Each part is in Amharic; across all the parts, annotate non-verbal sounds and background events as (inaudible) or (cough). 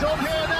Job here now.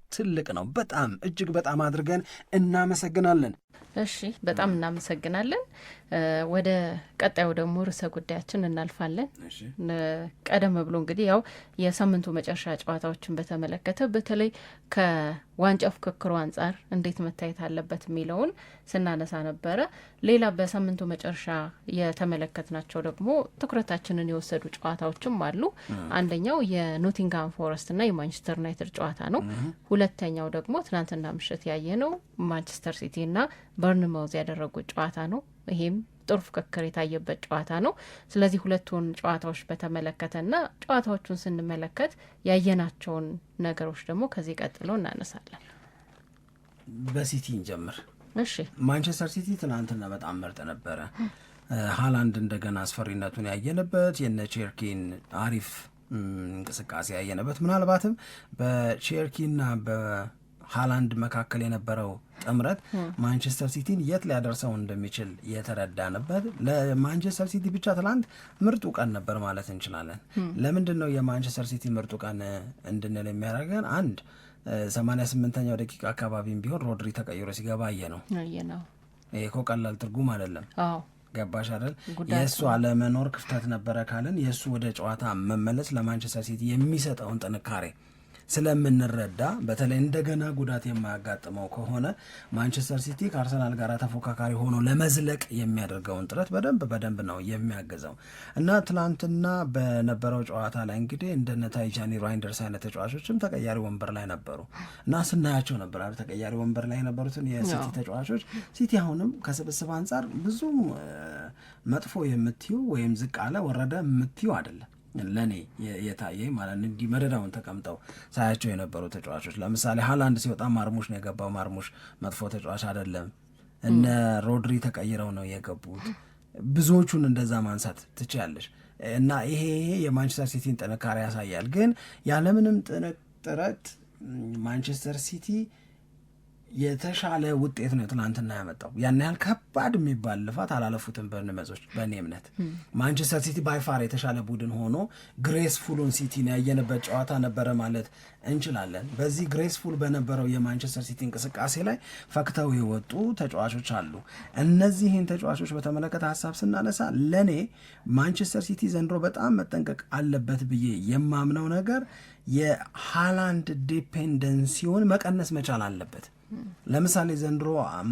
ትልቅ ነው። በጣም እጅግ በጣም አድርገን እናመሰግናለን። እሺ፣ በጣም እናመሰግናለን። ወደ ቀጣዩ ደግሞ ርዕሰ ጉዳያችን እናልፋለን። ቀደም ብሎ እንግዲህ ያው የሳምንቱ መጨረሻ ጨዋታዎችን በተመለከተ በተለይ ከ ዋንጫ ፉክክሩ አንጻር እንዴት መታየት አለበት የሚለውን ስናነሳ ነበረ። ሌላ በሳምንቱ መጨረሻ የተመለከትናቸው ደግሞ ትኩረታችንን የወሰዱ ጨዋታዎችም አሉ። አንደኛው የኖቲንግሃም ፎረስትና የማንቸስተር ዩናይትድ ጨዋታ ነው። ሁለተኛው ደግሞ ትናንትና ምሽት ያየ ነው ማንቸስተር ሲቲና በርንማውዝ ያደረጉት ጨዋታ ነው። ይሄም ጥሩ ፍክክር የታየበት ጨዋታ ነው። ስለዚህ ሁለቱን ጨዋታዎች በተመለከተና ጨዋታዎቹን ስንመለከት ያየናቸውን ነገሮች ደግሞ ከዚህ ቀጥሎ እናነሳለን። በሲቲ እንጀምር። እሺ፣ ማንቸስተር ሲቲ ትናንትና በጣም ምርጥ ነበረ። ሀላንድ እንደገና አስፈሪነቱን ያየንበት የነ ቼርኪን አሪፍ እንቅስቃሴ ያየንበት ምናልባትም በቼርኪና በ ሃላንድ መካከል የነበረው ጥምረት ማንቸስተር ሲቲን የት ሊያደርሰው እንደሚችል የተረዳንበት ለማንቸስተር ሲቲ ብቻ ትላንት ምርጡ ቀን ነበር ማለት እንችላለን። ለምንድን ነው የማንቸስተር ሲቲ ምርጡ ቀን እንድንል የሚያደርገን? አንድ ሰማንያ ስምንተኛው ደቂቃ አካባቢም ቢሆን ሮድሪ ተቀይሮ ሲገባ አየ ነው። ይሄ እኮ ቀላል ትርጉም አይደለም። ገባሽ አይደል? የእሱ አለመኖር ክፍተት ነበረ ካለን የእሱ ወደ ጨዋታ መመለስ ለማንቸስተር ሲቲ የሚሰጠውን ጥንካሬ ስለምንረዳ በተለይ እንደገና ጉዳት የማያጋጥመው ከሆነ ማንቸስተር ሲቲ ከአርሰናል ጋር ተፎካካሪ ሆኖ ለመዝለቅ የሚያደርገውን ጥረት በደንብ በደንብ ነው የሚያግዘው እና ትናንትና በነበረው ጨዋታ ላይ እንግዲህ እንደነ ታይጃኒ ራይንደርስ አይነት ተጫዋቾችም ተቀያሪ ወንበር ላይ ነበሩ እና ስናያቸው ነበር ተቀያሪ ወንበር ላይ የነበሩትን የሲቲ ተጫዋቾች ሲቲ አሁንም ከስብስብ አንጻር ብዙ መጥፎ የምትዩ ወይም ዝቅ አለ ወረደ የምትዩ አይደለም ለእኔ የታየ ማለት እንዲህ መደዳውን ተቀምጠው ሳያቸው የነበሩ ተጫዋቾች ለምሳሌ ሀላንድ ሲወጣ ማርሙሽ ነው የገባው። ማርሙሽ መጥፎ ተጫዋች አይደለም። እነ ሮድሪ ተቀይረው ነው የገቡት። ብዙዎቹን እንደዛ ማንሳት ትችያለሽ። እና ይሄ የማንቸስተር ሲቲን ጥንካሬ ያሳያል። ግን ያለምንም ጥረት ማንቸስተር ሲቲ የተሻለ ውጤት ነው ትናንትና ያመጣው። ያን ያህል ከባድ የሚባል ልፋት አላለፉትም በንመዞች። በእኔ እምነት ማንቸስተር ሲቲ ባይፋር የተሻለ ቡድን ሆኖ ግሬስፉሉን ሲቲን ያየንበት ጨዋታ ነበረ ማለት እንችላለን። በዚህ ግሬስፉል በነበረው የማንቸስተር ሲቲ እንቅስቃሴ ላይ ፈክተው የወጡ ተጫዋቾች አሉ። እነዚህን ተጫዋቾች በተመለከተ ሀሳብ ስናነሳ ለእኔ ማንቸስተር ሲቲ ዘንድሮ በጣም መጠንቀቅ አለበት ብዬ የማምነው ነገር የሃላንድ ዲፔንደንሲውን መቀነስ መቻል አለበት። ለምሳሌ ዘንድሮ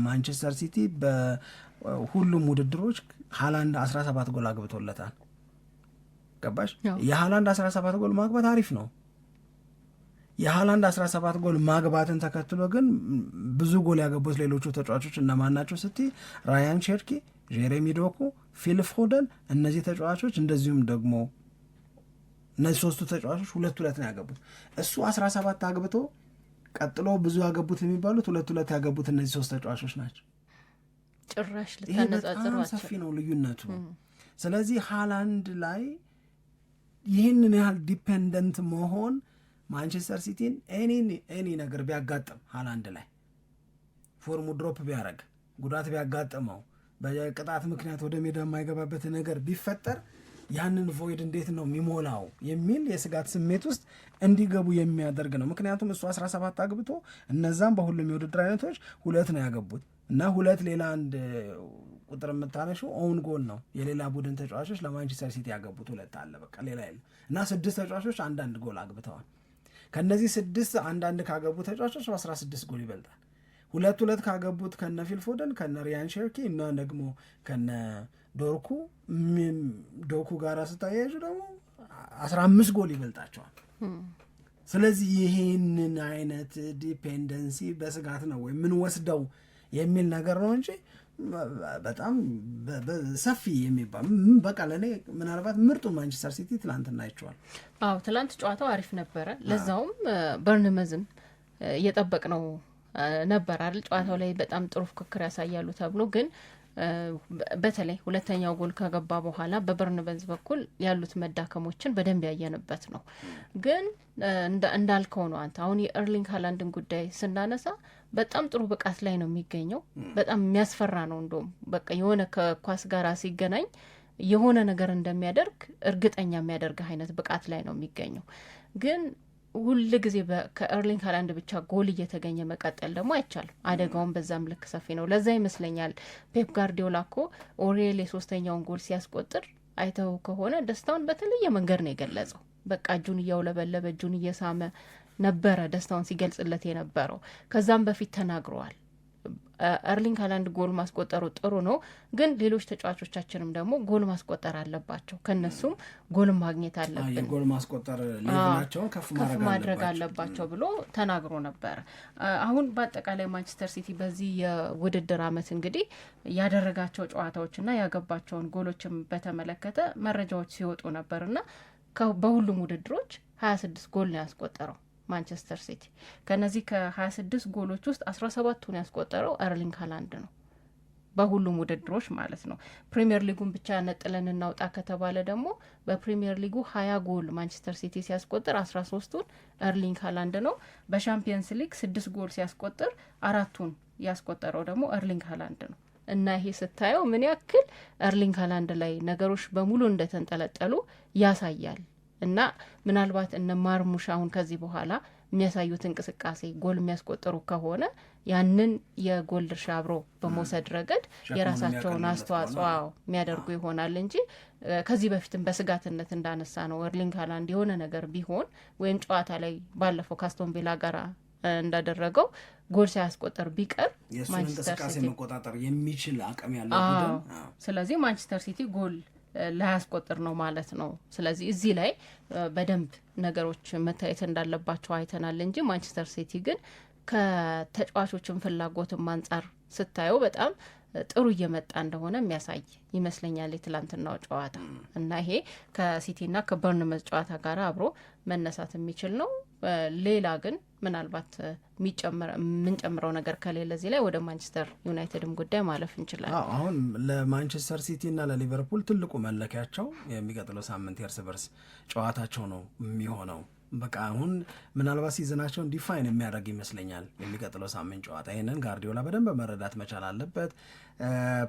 ማንቸስተር ሲቲ በሁሉም ውድድሮች ሀላንድ 17 ጎል አግብቶለታል። ገባሽ? የሀላንድ 17 ጎል ማግባት አሪፍ ነው። የሀላንድ 17 ጎል ማግባትን ተከትሎ ግን ብዙ ጎል ያገቡት ሌሎቹ ተጫዋቾች እነማን ናቸው ስትይ ራያን ሼርኪ፣ ጄሬሚ ዶኩ፣ ፊል ፎደን እነዚህ ተጫዋቾች እንደዚሁም ደግሞ እነዚህ ሶስቱ ተጫዋቾች ሁለት ሁለት ነው ያገቡት። እሱ 17 አግብቶ ቀጥሎ ብዙ ያገቡት የሚባሉት ሁለት ሁለት ያገቡት እነዚህ ሶስት ተጫዋቾች ናቸው። ጭራሽ ልታነጻጽሯቸው ሰፊ ነው ልዩነቱ። ስለዚህ ሃላንድ ላይ ይህንን ያህል ዲፔንደንት መሆን ማንቸስተር ሲቲን ኤኒ ኤኒ ነገር ቢያጋጥም ሃላንድ ላይ ፎርሙ ድሮፕ ቢያደርግ ጉዳት ቢያጋጥመው በቅጣት ምክንያት ወደ ሜዳ የማይገባበት ነገር ቢፈጠር ያንን ቮይድ እንዴት ነው የሚሞላው የሚል የስጋት ስሜት ውስጥ እንዲገቡ የሚያደርግ ነው። ምክንያቱም እሱ 17 አግብቶ እነዛም በሁሉም የውድድር አይነቶች ሁለት ነው ያገቡት እና ሁለት ሌላ አንድ ቁጥር የምታነሽው ኦውን ጎል ነው የሌላ ቡድን ተጫዋቾች ለማንቸስተር ሲቲ ያገቡት ሁለት አለ በቃ ሌላ የለ እና ስድስት ተጫዋቾች አንዳንድ ጎል አግብተዋል። ከእነዚህ ስድስት አንዳንድ ካገቡ ተጫዋቾች በ16 ጎል ይበልጣል። ሁለት ሁለት ካገቡት ከነ ፊልፎደን ከነ ሪያን ሸርኪ እና ደግሞ ከነ ዶርኩ ዶኩ ጋር ስታያይዙ ደግሞ አስራ አምስት ጎል ይበልጣቸዋል። ስለዚህ ይህንን አይነት ዲፔንደንሲ በስጋት ነው ወይም ምን ወስደው የሚል ነገር ነው እንጂ በጣም ሰፊ የሚባል በቃ ለእኔ ምናልባት ምርጡ ማንቸስተር ሲቲ ትላንትና አይቼዋል። አዎ ትላንት ጨዋታው አሪፍ ነበረ። ለዛውም በርንመዝን እየጠበቅ ነው ነበር አይደል? ጨዋታው ላይ በጣም ጥሩ ፉክክር ያሳያሉ ተብሎ ግን በተለይ ሁለተኛው ጎል ከገባ በኋላ በበርንበዝ በኩል ያሉት መዳከሞችን በደንብ ያየንበት ነው። ግን እንዳልከው ነው አንተ አሁን የኤርሊንግ ሀላንድን ጉዳይ ስናነሳ በጣም ጥሩ ብቃት ላይ ነው የሚገኘው። በጣም የሚያስፈራ ነው። እንደውም በቃ የሆነ ከኳስ ጋር ሲገናኝ የሆነ ነገር እንደሚያደርግ እርግጠኛ የሚያደርግህ አይነት ብቃት ላይ ነው የሚገኘው ግን ሁል ጊዜ ከኤርሊንግ ሀላንድ ብቻ ጎል እየተገኘ መቀጠል ደግሞ አይቻልም። አደጋውን በዛም ልክ ሰፊ ነው። ለዛ ይመስለኛል ፔፕ ጋርዲዮላ ኮ ኦሬል የሶስተኛውን ጎል ሲያስቆጥር አይተው ከሆነ ደስታውን በተለየ መንገድ ነው የገለጸው። በቃ እጁን እያውለበለበ እጁን እየሳመ ነበረ ደስታውን ሲገልጽለት የነበረው። ከዛም በፊት ተናግረዋል እርሊንግ ሀላንድ ጎል ማስቆጠሩ ጥሩ ነው፣ ግን ሌሎች ተጫዋቾቻችንም ደግሞ ጎል ማስቆጠር አለባቸው። ከነሱም ጎል ማግኘት አለብን፣ ጎል ማስቆጠር ከፍ ማድረግ አለባቸው ብሎ ተናግሮ ነበር አሁን በአጠቃላይ ማንቸስተር ሲቲ በዚህ የውድድር አመት እንግዲህ ያደረጋቸው ጨዋታዎችና ያገባቸውን ጎሎችም በተመለከተ መረጃዎች ሲወጡ ነበርና በሁሉም ውድድሮች ሀያ ስድስት ጎል ነው ያስቆጠረው ማንቸስተር ሲቲ ከነዚህ ሀያ ስድስት ጎሎች ውስጥ አስራ ሰባቱን ያስቆጠረው ኤርሊንግ ሀላንድ ነው። በሁሉም ውድድሮች ማለት ነው። ፕሪምየር ሊጉን ብቻ ነጥለን እናውጣ ከተባለ ደግሞ በፕሪምየር ሊጉ ሀያ ጎል ማንቸስተር ሲቲ ሲያስቆጥር አስራ ሶስቱን ኤርሊንግ ሀላንድ ነው። በሻምፒየንስ ሊግ ስድስት ጎል ሲያስቆጥር አራቱን ያስቆጠረው ደግሞ ኤርሊንግ ሀላንድ ነው እና ይሄ ስታየው ምን ያክል እርሊንግ ሀላንድ ላይ ነገሮች በሙሉ እንደተንጠለጠሉ ያሳያል። እና ምናልባት እነ ማርሙሽ አሁን ከዚህ በኋላ የሚያሳዩት እንቅስቃሴ ጎል የሚያስቆጠሩ ከሆነ ያንን የጎል ድርሻ አብሮ በመውሰድ ረገድ የራሳቸውን አስተዋጽኦ የሚያደርጉ ይሆናል እንጂ ከዚህ በፊትም በስጋትነት እንዳነሳ ነው እርሊንግ ሃላንድ የሆነ ነገር ቢሆን ወይም ጨዋታ ላይ ባለፈው ካስቶን ቪላ ጋር እንዳደረገው ጎል ሳያስቆጠር ቢቀር ማንቸስተር ሲቲ መቆጣጠር የሚችል አቅም ያለው ስለዚህ ማንቸስተር ሲቲ ጎል ላያስቆጥር ነው ማለት ነው። ስለዚህ እዚህ ላይ በደንብ ነገሮች መታየት እንዳለባቸው አይተናል እንጂ ማንቸስተር ሲቲ ግን ከተጫዋቾችን ፍላጎትም አንጻር ስታየው በጣም ጥሩ እየመጣ እንደሆነ የሚያሳይ ይመስለኛል የትላንትናው ጨዋታ እና ይሄ ከሲቲና ከበርንመዝ ጨዋታ ጋር አብሮ መነሳት የሚችል ነው። ሌላ ግን ምናልባት የምንጨምረው ነገር ከሌለ እዚህ ላይ ወደ ማንቸስተር ዩናይትድም ጉዳይ ማለፍ እንችላለን። አሁን ለማንቸስተር እና ለሊቨርፑል ትልቁ መለኪያቸው የሚቀጥለው ሳምንት የእርስ በርስ ጨዋታቸው ነው የሚሆነው። በቃ አሁን ምናልባት ሲዝናቸውን ዲፋይን የሚያደርግ ይመስለኛል የሚቀጥለው ሳምንት ጨዋታ። ይህንን ጋርዲዮላ በደንብ መረዳት መቻል አለበት።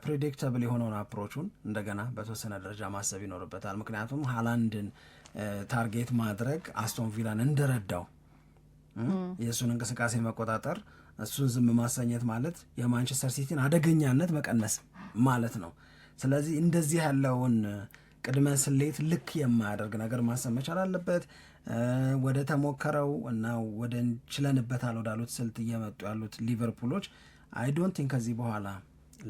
ፕሬዲክተብል የሆነውን አፕሮቹን እንደገና በተወሰነ ደረጃ ማሰብ ይኖርበታል። ምክንያቱም ሃላንድን ታርጌት ማድረግ አስቶን ቪላን እንደረዳው የእሱን እንቅስቃሴ መቆጣጠር፣ እሱን ዝም ማሰኘት ማለት የማንቸስተር ሲቲን አደገኛነት መቀነስ ማለት ነው። ስለዚህ እንደዚህ ያለውን ቅድመ ስሌት ልክ የማያደርግ ነገር ማሰብ መቻል አለበት። ወደ ተሞከረው እና ወደ ችለንበታል ወዳሉት ስልት እየመጡ ያሉት ሊቨርፑሎች አይ ዶንት ቲንክ ከዚህ በኋላ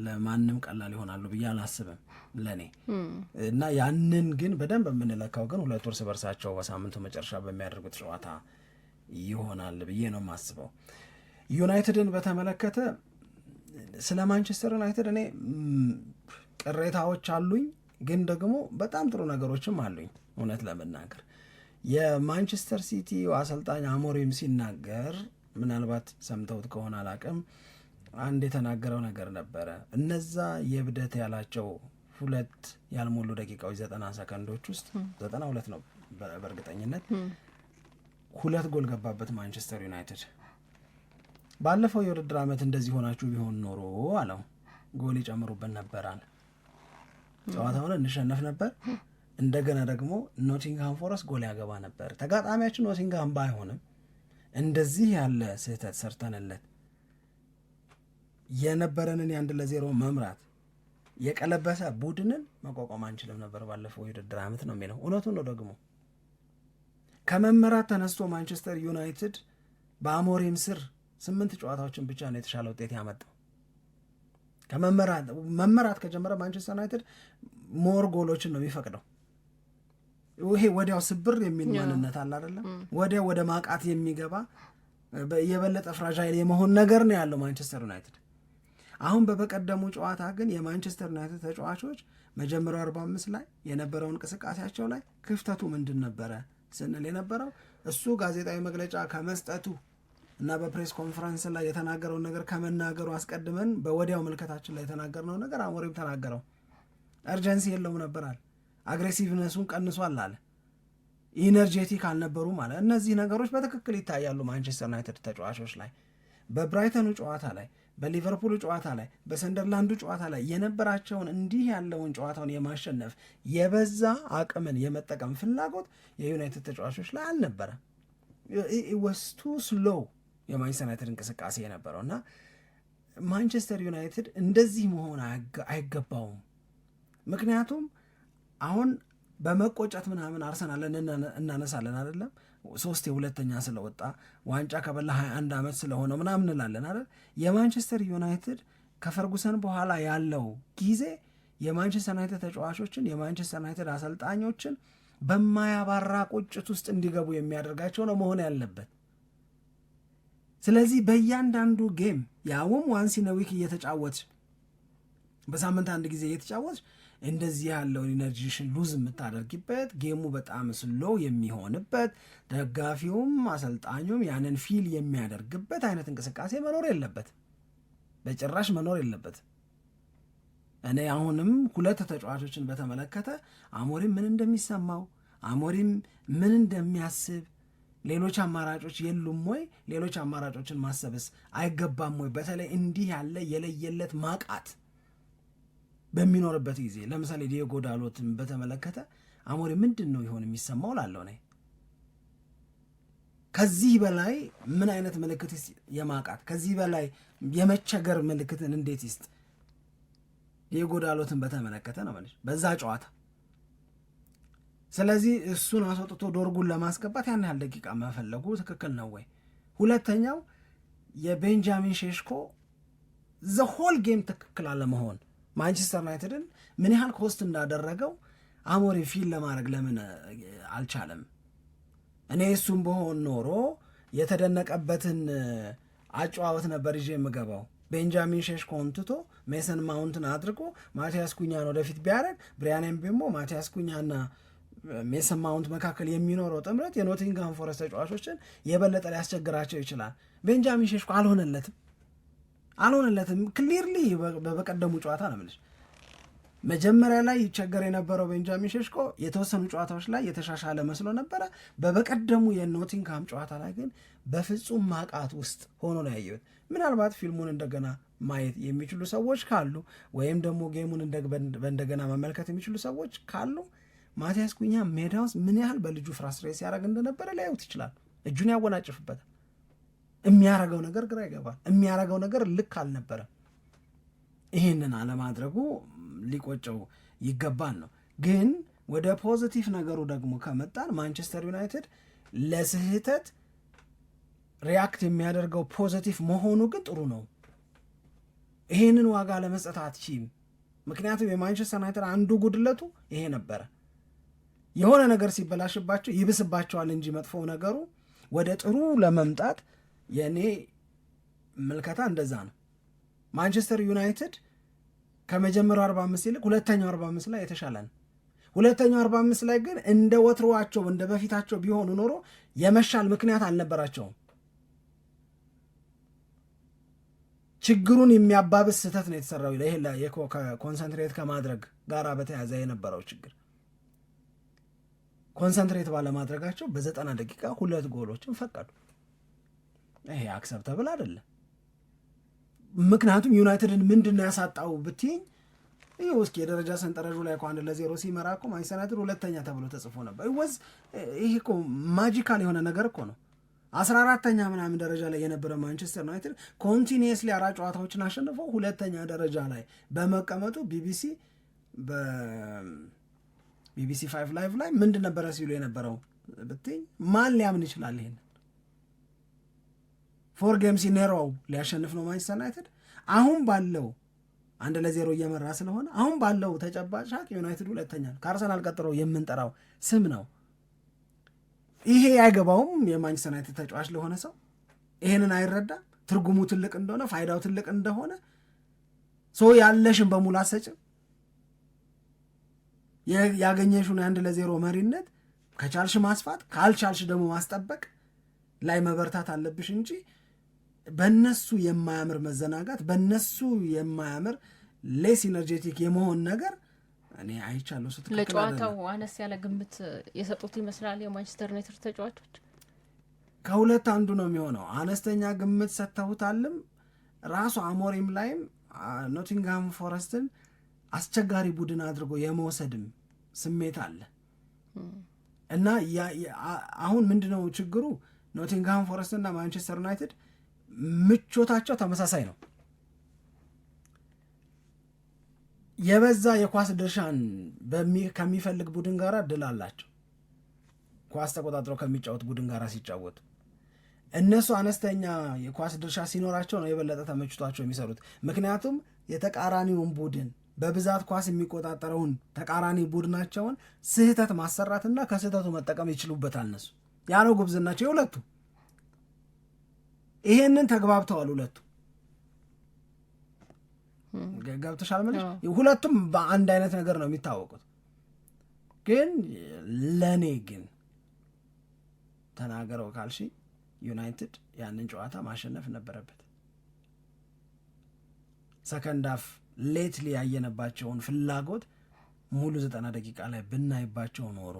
ለማንም ቀላል ይሆናሉ ብዬ አላስብም ለእኔ እና ያንን ግን በደንብ የምንለካው ግን ሁለቱ እርስ በርሳቸው በሳምንቱ መጨረሻ በሚያደርጉት ጨዋታ ይሆናል ብዬ ነው የማስበው። ዩናይትድን በተመለከተ ስለ ማንቸስተር ዩናይትድ እኔ ቅሬታዎች አሉኝ፣ ግን ደግሞ በጣም ጥሩ ነገሮችም አሉኝ። እውነት ለመናገር የማንቸስተር ሲቲ አሰልጣኝ አሞሪም ሲናገር ምናልባት ሰምተውት ከሆነ አላቅም፣ አንድ የተናገረው ነገር ነበረ። እነዛ የብደት ያላቸው ሁለት ያልሞሉ ደቂቃዎች ዘጠና ሰከንዶች ውስጥ ዘጠና ሁለት ነው በእርግጠኝነት ሁለት ጎል ገባበት ማንቸስተር ዩናይትድ። ባለፈው የውድድር ዓመት እንደዚህ ሆናችሁ ቢሆን ኖሮ አለው ጎል ይጨምሩበት ነበር አለ። ጨዋታውን እንሸነፍ ነበር። እንደገና ደግሞ ኖቲንግሃም ፎረስት ጎል ያገባ ነበር። ተጋጣሚያችን ኖቲንግሃም ባይሆንም እንደዚህ ያለ ስህተት ሰርተንለት የነበረንን የአንድ ለዜሮ መምራት የቀለበሰ ቡድንን መቋቋም አንችልም ነበር ባለፈው የውድድር ዓመት ነው የሚለው እውነቱ ነው ደግሞ ከመመራት ተነስቶ ማንቸስተር ዩናይትድ በአሞሪም ስር ስምንት ጨዋታዎችን ብቻ ነው የተሻለ ውጤት ያመጣው። መመራት ከጀመረ ማንቸስተር ዩናይትድ ሞር ጎሎችን ነው የሚፈቅደው። ይሄ ወዲያው ስብር የሚል ማንነት አለ አይደለም፣ ወዲያው ወደ ማቃት የሚገባ የበለጠ ፍራዣይል የመሆን ነገር ነው ያለው ማንቸስተር ዩናይትድ። አሁን በበቀደሙ ጨዋታ ግን የማንቸስተር ዩናይትድ ተጫዋቾች መጀመሪያው አምስት ላይ የነበረው እንቅስቃሴያቸው ላይ ክፍተቱ ምንድን ነበረ? ስንል የነበረው እሱ ጋዜጣዊ መግለጫ ከመስጠቱ እና በፕሬስ ኮንፈረንስ ላይ የተናገረውን ነገር ከመናገሩ አስቀድመን በወዲያው ምልከታችን ላይ የተናገርነው ነገር አሞሪም ተናገረው። እርጀንሲ የለውም ነበራል። አግሬሲቭነሱን ቀንሷል አለ። ኢነርጄቲክ አልነበሩም አለ። እነዚህ ነገሮች በትክክል ይታያሉ ማንቸስተር ዩናይትድ ተጫዋቾች ላይ በብራይተኑ ጨዋታ ላይ በሊቨርፑል ጨዋታ ላይ በሰንደርላንዱ ጨዋታ ላይ የነበራቸውን እንዲህ ያለውን ጨዋታውን የማሸነፍ የበዛ አቅምን የመጠቀም ፍላጎት የዩናይትድ ተጫዋቾች ላይ አልነበረም። ወስቱ ስሎው የማንቸስተር ዩናይትድ እንቅስቃሴ የነበረው እና ማንቸስተር ዩናይትድ እንደዚህ መሆን አይገባውም። ምክንያቱም አሁን በመቆጨት ምናምን አርሰናልን እናነሳለን አይደለም ሶስት የሁለተኛ ስለወጣ ዋንጫ ከበላ 21 ዓመት ስለሆነው ምናምን እንላለን አይደል? የማንቸስተር ዩናይትድ ከፈርጉሰን በኋላ ያለው ጊዜ የማንቸስተር ዩናይትድ ተጫዋቾችን የማንቸስተር ዩናይትድ አሰልጣኞችን በማያባራ ቁጭት ውስጥ እንዲገቡ የሚያደርጋቸው ነው መሆን ያለበት። ስለዚህ በእያንዳንዱ ጌም ያውም ዋንስ ኢን ዊክ እየተጫወትሽ በሳምንት አንድ ጊዜ እየተጫወትሽ እንደዚህ ያለውን ኢነርጂሽን ሉዝ የምታደርጊበት ጌሙ በጣም ስሎ የሚሆንበት ደጋፊውም አሰልጣኙም ያንን ፊል የሚያደርግበት አይነት እንቅስቃሴ መኖር የለበት በጭራሽ መኖር የለበት እኔ አሁንም ሁለት ተጫዋቾችን በተመለከተ አሞሪም ምን እንደሚሰማው አሞሪም ምን እንደሚያስብ ሌሎች አማራጮች የሉም ወይ? ሌሎች አማራጮችን ማሰብስ አይገባም ወይ? በተለይ እንዲህ ያለ የለየለት ማቃት በሚኖርበት ጊዜ ለምሳሌ ዲዮጎ ዳሎትን በተመለከተ አሞሪ ምንድን ነው ይሆን የሚሰማው ላለው ነ ከዚህ በላይ ምን አይነት ምልክት የማቃት ከዚህ በላይ የመቸገር ምልክትን እንዴት ይስጥ? ዲዮጎ ዳሎትን በተመለከተ ነው በዛ ጨዋታ። ስለዚህ እሱን አስወጥቶ ዶርጉን ለማስገባት ያን ያህል ደቂቃ መፈለጉ ትክክል ነው ወይ? ሁለተኛው የቤንጃሚን ሼሽኮ ዘሆል ጌም ትክክል አለመሆን ማንቸስተር ዩናይትድን ምን ያህል ኮስት እንዳደረገው አሞሬ ፊል ለማድረግ ለምን አልቻለም? እኔ እሱም በሆን ኖሮ የተደነቀበትን አጨዋወት ነበር ይዤ የምገባው። ቤንጃሚን ሼሽኮን ትቶ ሜሰን ማውንትን አድርጎ ማቲያስ ኩኛን ወደፊት ቢያደርግ ብሪያን ቤሞ ማቲያስ ኩኛና ሜሰን ማውንት መካከል የሚኖረው ጥምረት የኖቲንግሃም ፎረስት ተጫዋቾችን የበለጠ ሊያስቸግራቸው ይችላል። ቤንጃሚን ሼሽኮ አልሆነለትም። አልሆነለትም። ክሊርሊ በቀደሙ ጨዋታ ነው የምልሽ። መጀመሪያ ላይ ይቸገር የነበረው ቤንጃሚን ሸሽቆ የተወሰኑ ጨዋታዎች ላይ የተሻሻለ መስሎ ነበረ። በበቀደሙ የኖቲንግሃም ጨዋታ ላይ ግን በፍጹም ማቃት ውስጥ ሆኖ ነው ያየሁት። ምናልባት ፊልሙን እንደገና ማየት የሚችሉ ሰዎች ካሉ ወይም ደግሞ ጌሙን እንደገና መመልከት የሚችሉ ሰዎች ካሉ ማቲያስ ኩኛ ሜዳ ውስጥ ምን ያህል በልጁ ፍራስትሬት ሲያደርግ እንደነበረ ሊያዩት ይችላል። እጁን ያወናጭፍበታል። የሚያረገው ነገር ግራ ይገባል። የሚያረገው ነገር ልክ አልነበረም። ይህንን አለማድረጉ ሊቆጨው ይገባል ነው። ግን ወደ ፖዚቲቭ ነገሩ ደግሞ ከመጣን ማንቸስተር ዩናይትድ ለስህተት ሪያክት የሚያደርገው ፖዘቲቭ መሆኑ ግን ጥሩ ነው። ይሄንን ዋጋ ለመስጠት አትችም። ምክንያቱም የማንቸስተር ዩናይትድ አንዱ ጉድለቱ ይሄ ነበረ። የሆነ ነገር ሲበላሽባቸው ይብስባቸዋል እንጂ መጥፎው ነገሩ ወደ ጥሩ ለመምጣት የእኔ ምልከታ እንደዛ ነው። ማንቸስተር ዩናይትድ ከመጀመሪያው 45 ይልቅ ሁለተኛው 45 ላይ የተሻለ ነው። ሁለተኛው 45 ላይ ግን እንደ ወትሮዋቸው እንደ በፊታቸው ቢሆኑ ኖሮ የመሻል ምክንያት አልነበራቸውም። ችግሩን የሚያባብስ ስህተት ነው የተሰራው። ይሄ ኮንሰንትሬት ከማድረግ ጋር በተያያዘ የነበረው ችግር ኮንሰንትሬት ባለማድረጋቸው በዘጠና ደቂቃ ሁለት ጎሎችን ፈቀዱ። ይሄ አክሰብተብል አይደለም። ምክንያቱም ዩናይትድን ምንድን ነው ያሳጣው ብትኝ፣ ይህ የደረጃ ሰንጠረዡ ላይ እኮ አንድ ለዜሮ ሲመራ እኮ ማንችስተር ዩናይትድ ሁለተኛ ተብሎ ተጽፎ ነበር። ወዝ ይሄ እኮ ማጂካል የሆነ ነገር እኮ ነው። አስራ አራተኛ ምናምን ደረጃ ላይ የነበረ ማንቸስተር ዩናይትድ ኮንቲኒየስሊ አራት ጨዋታዎችን አሸንፎ ሁለተኛ ደረጃ ላይ በመቀመጡ ቢቢሲ በቢቢሲ ፋይቭ ላይቭ ላይ ምንድን ነበረ ሲሉ የነበረው ብትኝ፣ ማን ሊያምን ይችላል ይሄን ፎር ጌምስ ኢን ሊያሸንፍ ነው ማንቸስተር ዩናይትድ አሁን ባለው አንድ ለዜሮ እየመራ ስለሆነ አሁን ባለው ተጨባጭ ሀቅ ዩናይትድ ሁለተኛ ነው። ከአርሰናል ቀጥሎ የምንጠራው ስም ነው። ይሄ አይገባውም። የማንቸስተር ዩናይትድ ተጫዋች ለሆነ ሰው ይሄንን አይረዳም። ትርጉሙ ትልቅ እንደሆነ ፋይዳው ትልቅ እንደሆነ ሰው ያለሽን በሙሉ አትሰጭም። ያገኘሽውን የአንድ ለዜሮ መሪነት ከቻልሽ ማስፋት፣ ካልቻልሽ ደግሞ ማስጠበቅ ላይ መበርታት አለብሽ እንጂ በነሱ የማያምር መዘናጋት፣ በነሱ የማያምር ሌስ ኢነርጄቲክ የመሆን ነገር እኔ አይቻለሁ። ስትል ለጨዋታው አነስ ያለ ግምት የሰጡት ይመስላል የማንቸስተር ዩናይትድ ተጫዋቾች። ከሁለት አንዱ ነው የሚሆነው። አነስተኛ ግምት ሰጥተውታልም። ራሱ አሞሪም ላይም ኖቲንግሃም ፎረስትን አስቸጋሪ ቡድን አድርጎ የመውሰድም ስሜት አለ እና አሁን ምንድነው ችግሩ ኖቲንግሃም ፎረስትና ማንቸስተር ዩናይትድ ምቾታቸው ተመሳሳይ ነው። የበዛ የኳስ ድርሻን ከሚፈልግ ቡድን ጋር ድል አላቸው። ኳስ ተቆጣጥሮ ከሚጫወት ቡድን ጋር ሲጫወቱ እነሱ አነስተኛ የኳስ ድርሻ ሲኖራቸው ነው የበለጠ ተመችቷቸው የሚሰሩት። ምክንያቱም የተቃራኒውን ቡድን በብዛት ኳስ የሚቆጣጠረውን ተቃራኒ ቡድናቸውን ስህተት ማሰራትና ከስህተቱ መጠቀም ይችሉበታል። እነሱ ያለው ጉብዝናቸው የሁለቱ ይሄንን ተግባብተዋል ሁለቱ ገብተሻል መለሽ ሁለቱም በአንድ አይነት ነገር ነው የሚታወቁት። ግን ለእኔ ግን ተናገረው ካልሺ ዩናይትድ ያንን ጨዋታ ማሸነፍ ነበረበት። ሰከንድ አፍ ሌትሊ ያየነባቸውን ፍላጎት ሙሉ ዘጠና ደቂቃ ላይ ብናይባቸው ኖሮ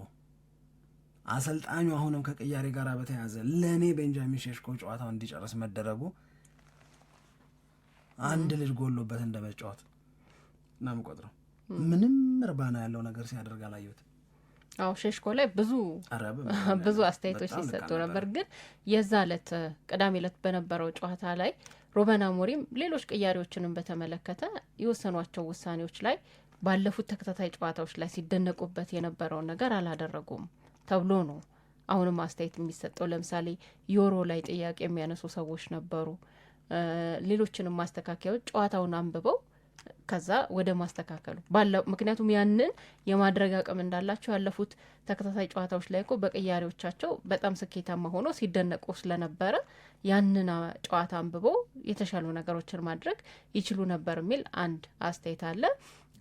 አሰልጣኙ አሁንም ከቅያሬ ጋር በተያያዘ ለእኔ ቤንጃሚን ሼሽኮ ጨዋታው እንዲጨርስ መደረጉ አንድ ልጅ ጎሎበት እንደ መጫወት ነው የምቆጥረው። ምንም እርባና ያለው ነገር ሲያደርግ አላየሁትም። አዎ ሼሽኮ ላይ ብዙ (laughs) ብዙ አስተያየቶች ሲሰጡ ነበር። ግን የዛ ዕለት ቅዳሜ ዕለት በነበረው ጨዋታ ላይ ሮበን አሞሪም ሌሎች ቅያሬዎችንም በተመለከተ የወሰኗቸው ውሳኔዎች ላይ ባለፉት ተከታታይ ጨዋታዎች ላይ ሲደነቁበት የነበረውን ነገር አላደረጉም። ተብሎ ነው አሁንም አስተያየት የሚሰጠው። ለምሳሌ ዮሮ ላይ ጥያቄ የሚያነሱ ሰዎች ነበሩ። ሌሎችንም ማስተካከያዎች ጨዋታውን አንብበው ከዛ ወደ ማስተካከሉ ባለ ምክንያቱም ያንን የማድረግ አቅም እንዳላቸው ያለፉት ተከታታይ ጨዋታዎች ላይ እኮ በቅያሬዎቻቸው በጣም ስኬታማ ሆኖ ሲደነቁ ስለነበረ ያንን ጨዋታ አንብበው የተሻሉ ነገሮችን ማድረግ ይችሉ ነበር የሚል አንድ አስተያየት አለ።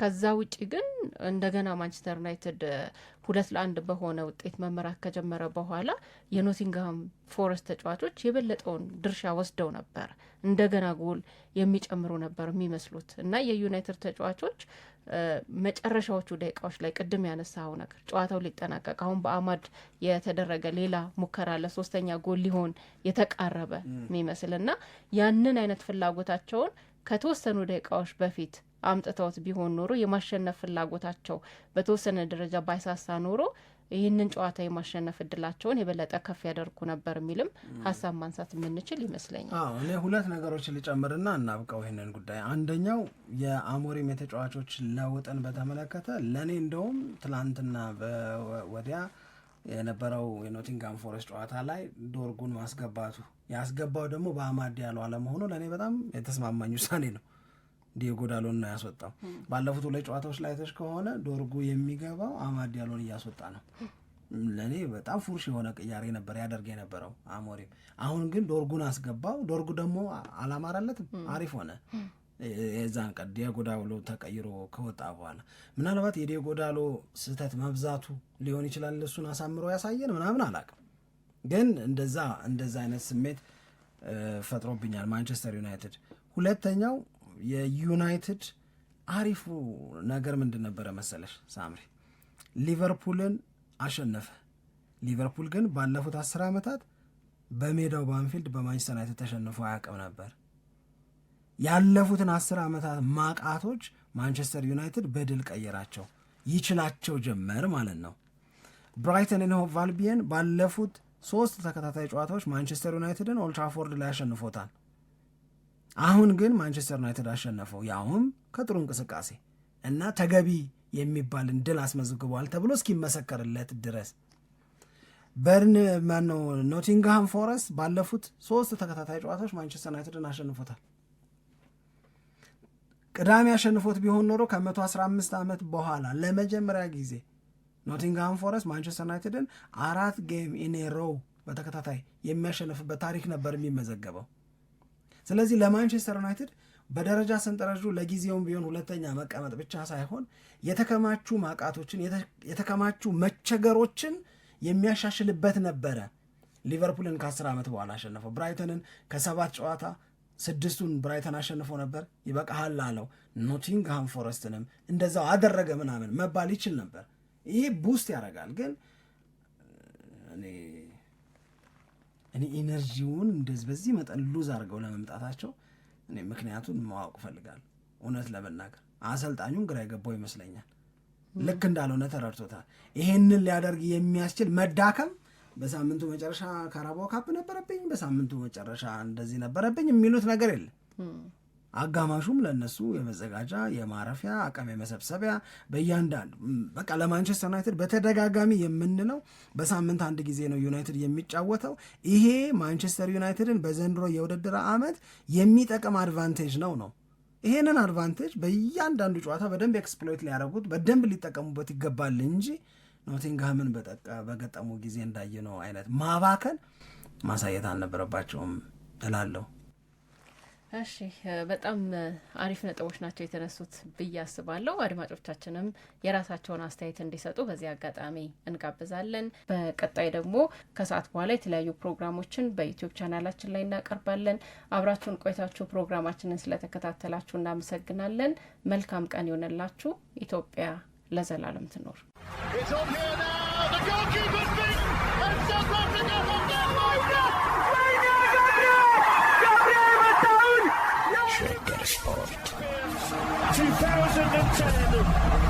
ከዛ ውጪ ግን እንደገና ማንቸስተር ዩናይትድ ሁለት ለአንድ በሆነ ውጤት መመራት ከጀመረ በኋላ የኖቲንግሃም ፎረስት ተጫዋቾች የበለጠውን ድርሻ ወስደው ነበር። እንደገና ጎል የሚጨምሩ ነበር የሚመስሉት እና የዩናይትድ ተጫዋቾች መጨረሻዎቹ ደቂቃዎች ላይ ቅድም ያነሳው ነገር ጨዋታው ሊጠናቀቅ አሁን በአማድ የተደረገ ሌላ ሙከራ ለሶስተኛ ጎል ሊሆን የተቃረበ የሚመስል እና ያንን አይነት ፍላጎታቸውን ከተወሰኑ ደቂቃዎች በፊት አምጥተውት ቢሆን ኖሮ የማሸነፍ ፍላጎታቸው በተወሰነ ደረጃ ባይሳሳ ኖሮ ይህንን ጨዋታ የማሸነፍ እድላቸውን የበለጠ ከፍ ያደርጉ ነበር የሚልም ሀሳብ ማንሳት የምንችል ይመስለኛል። እኔ ሁለት ነገሮች ልጨምርና እናብቀው ይህንን ጉዳይ። አንደኛው የአሞሪም የተጫዋቾች ለውጥን በተመለከተ ለእኔ እንደውም ትላንትና ወዲያ የነበረው የኖቲንጋም ፎረስት ጨዋታ ላይ ዶርጉን ማስገባቱ ያስገባው ደግሞ በአማድ ያለው አለመሆኑ ለእኔ በጣም የተስማማኝ ውሳኔ ነው። ዲዮጎ ዳሎን ነው ያስወጣው። ባለፉት ሁለት ጨዋታዎች ላይ ተሽ ከሆነ ዶርጉ የሚገባው አማድ ዲያሎን እያስወጣ ነው። ለእኔ በጣም ፉርሽ የሆነ ቅያሬ ነበር ያደርግ የነበረው አሞሪም። አሁን ግን ዶርጉን አስገባው። ዶርጉ ደግሞ አላማረለትም፣ አሪፍ ሆነ። የዛን ቀን ዲዮጎ ዳሎ ተቀይሮ ከወጣ በኋላ ምናልባት የዲዮጎ ዳሎ ስህተት መብዛቱ ሊሆን ይችላል። እሱን አሳምሮ ያሳየን ምናምን አላቅም፣ ግን እንደዛ እንደዛ አይነት ስሜት ፈጥሮብኛል ማንቸስተር ዩናይትድ ሁለተኛው የዩናይትድ አሪፉ ነገር ምንድን ነበረ መሰለሽ ሳምሪ? ሊቨርፑልን አሸነፈ። ሊቨርፑል ግን ባለፉት አስር ዓመታት በሜዳው በአንፊልድ በማንቸስተር ዩናይትድ ተሸንፎ አያውቅም ነበር። ያለፉትን አስር ዓመታት ማቃቶች ማንቸስተር ዩናይትድ በድል ቀየራቸው፣ ይችላቸው ጀመር ማለት ነው። ብራይተንን ሆቭ አልቢየን ባለፉት ሶስት ተከታታይ ጨዋታዎች ማንቸስተር ዩናይትድን ኦልትራፎርድ ላይ አሸንፎታል። አሁን ግን ማንቸስተር ዩናይትድ አሸነፈው፣ ያውም ከጥሩ እንቅስቃሴ እና ተገቢ የሚባልን ድል አስመዝግቧል ተብሎ እስኪመሰከርለት ድረስ በርን ማነው ኖቲንግሃም ፎረስት ባለፉት ሶስት ተከታታይ ጨዋታዎች ማንቸስተር ዩናይትድን አሸንፎታል። ቅዳሜ አሸንፎት ቢሆን ኖሮ ከ115 ዓመት በኋላ ለመጀመሪያ ጊዜ ኖቲንግሃም ፎረስት ማንቸስተር ዩናይትድን አራት ጌም ኢኔ ሮው በተከታታይ የሚያሸንፍበት ታሪክ ነበር የሚመዘገበው። ስለዚህ ለማንቸስተር ዩናይትድ በደረጃ ሰንጠረዡ ለጊዜውም ቢሆን ሁለተኛ መቀመጥ ብቻ ሳይሆን የተከማቹ ማቃቶችን የተከማቹ መቸገሮችን የሚያሻሽልበት ነበረ። ሊቨርፑልን ከአስር ዓመት በኋላ አሸነፈው። ብራይተንን ከሰባት ጨዋታ ስድስቱን ብራይተን አሸንፎ ነበር። ይበቃሃል አለው። ኖቲንግሃም ፎረስትንም እንደዛው አደረገ ምናምን መባል ይችል ነበር። ይሄ ቡስት ያደርጋል ግን እኔ ኤነርጂውን እንደዚህ በዚህ መጠን ሉዝ አድርገው ለመምጣታቸው እኔ ምክንያቱን ማወቅ ፈልጋለሁ እውነት ለመናገር አሰልጣኙም ግራ የገባው ይመስለኛል። ልክ እንዳልሆነ ተረድቶታል። ይሄንን ሊያደርግ የሚያስችል መዳከም በሳምንቱ መጨረሻ ካራባው ካፕ ነበረብኝ፣ በሳምንቱ መጨረሻ እንደዚህ ነበረብኝ የሚሉት ነገር የለም። አጋማሹም ለእነሱ የመዘጋጃ የማረፊያ አቅም የመሰብሰቢያ በእያንዳንዱ በቃ ለማንቸስተር ዩናይትድ በተደጋጋሚ የምንለው በሳምንት አንድ ጊዜ ነው ዩናይትድ የሚጫወተው። ይሄ ማንቸስተር ዩናይትድን በዘንድሮ የውድድር ዓመት የሚጠቅም አድቫንቴጅ ነው ነው ይሄንን አድቫንቴጅ በእያንዳንዱ ጨዋታ በደንብ ኤክስፕሎይት ሊያደርጉት በደንብ ሊጠቀሙበት ይገባል እንጂ ኖቲንግሃምን በገጠሙ ጊዜ እንዳየነው አይነት ማባከን ማሳየት አልነበረባቸውም እላለሁ። እሺ በጣም አሪፍ ነጥቦች ናቸው የተነሱት ብዬ አስባለሁ። አድማጮቻችንም የራሳቸውን አስተያየት እንዲሰጡ በዚህ አጋጣሚ እንጋብዛለን። በቀጣይ ደግሞ ከሰዓት በኋላ የተለያዩ ፕሮግራሞችን በዩቲዩብ ቻናላችን ላይ እናቀርባለን። አብራችሁን ቆይታችሁ ፕሮግራማችንን ስለተከታተላችሁ እናመሰግናለን። መልካም ቀን ይሆንላችሁ። ኢትዮጵያ ለዘላለም ትኖር። Atendente Sereno.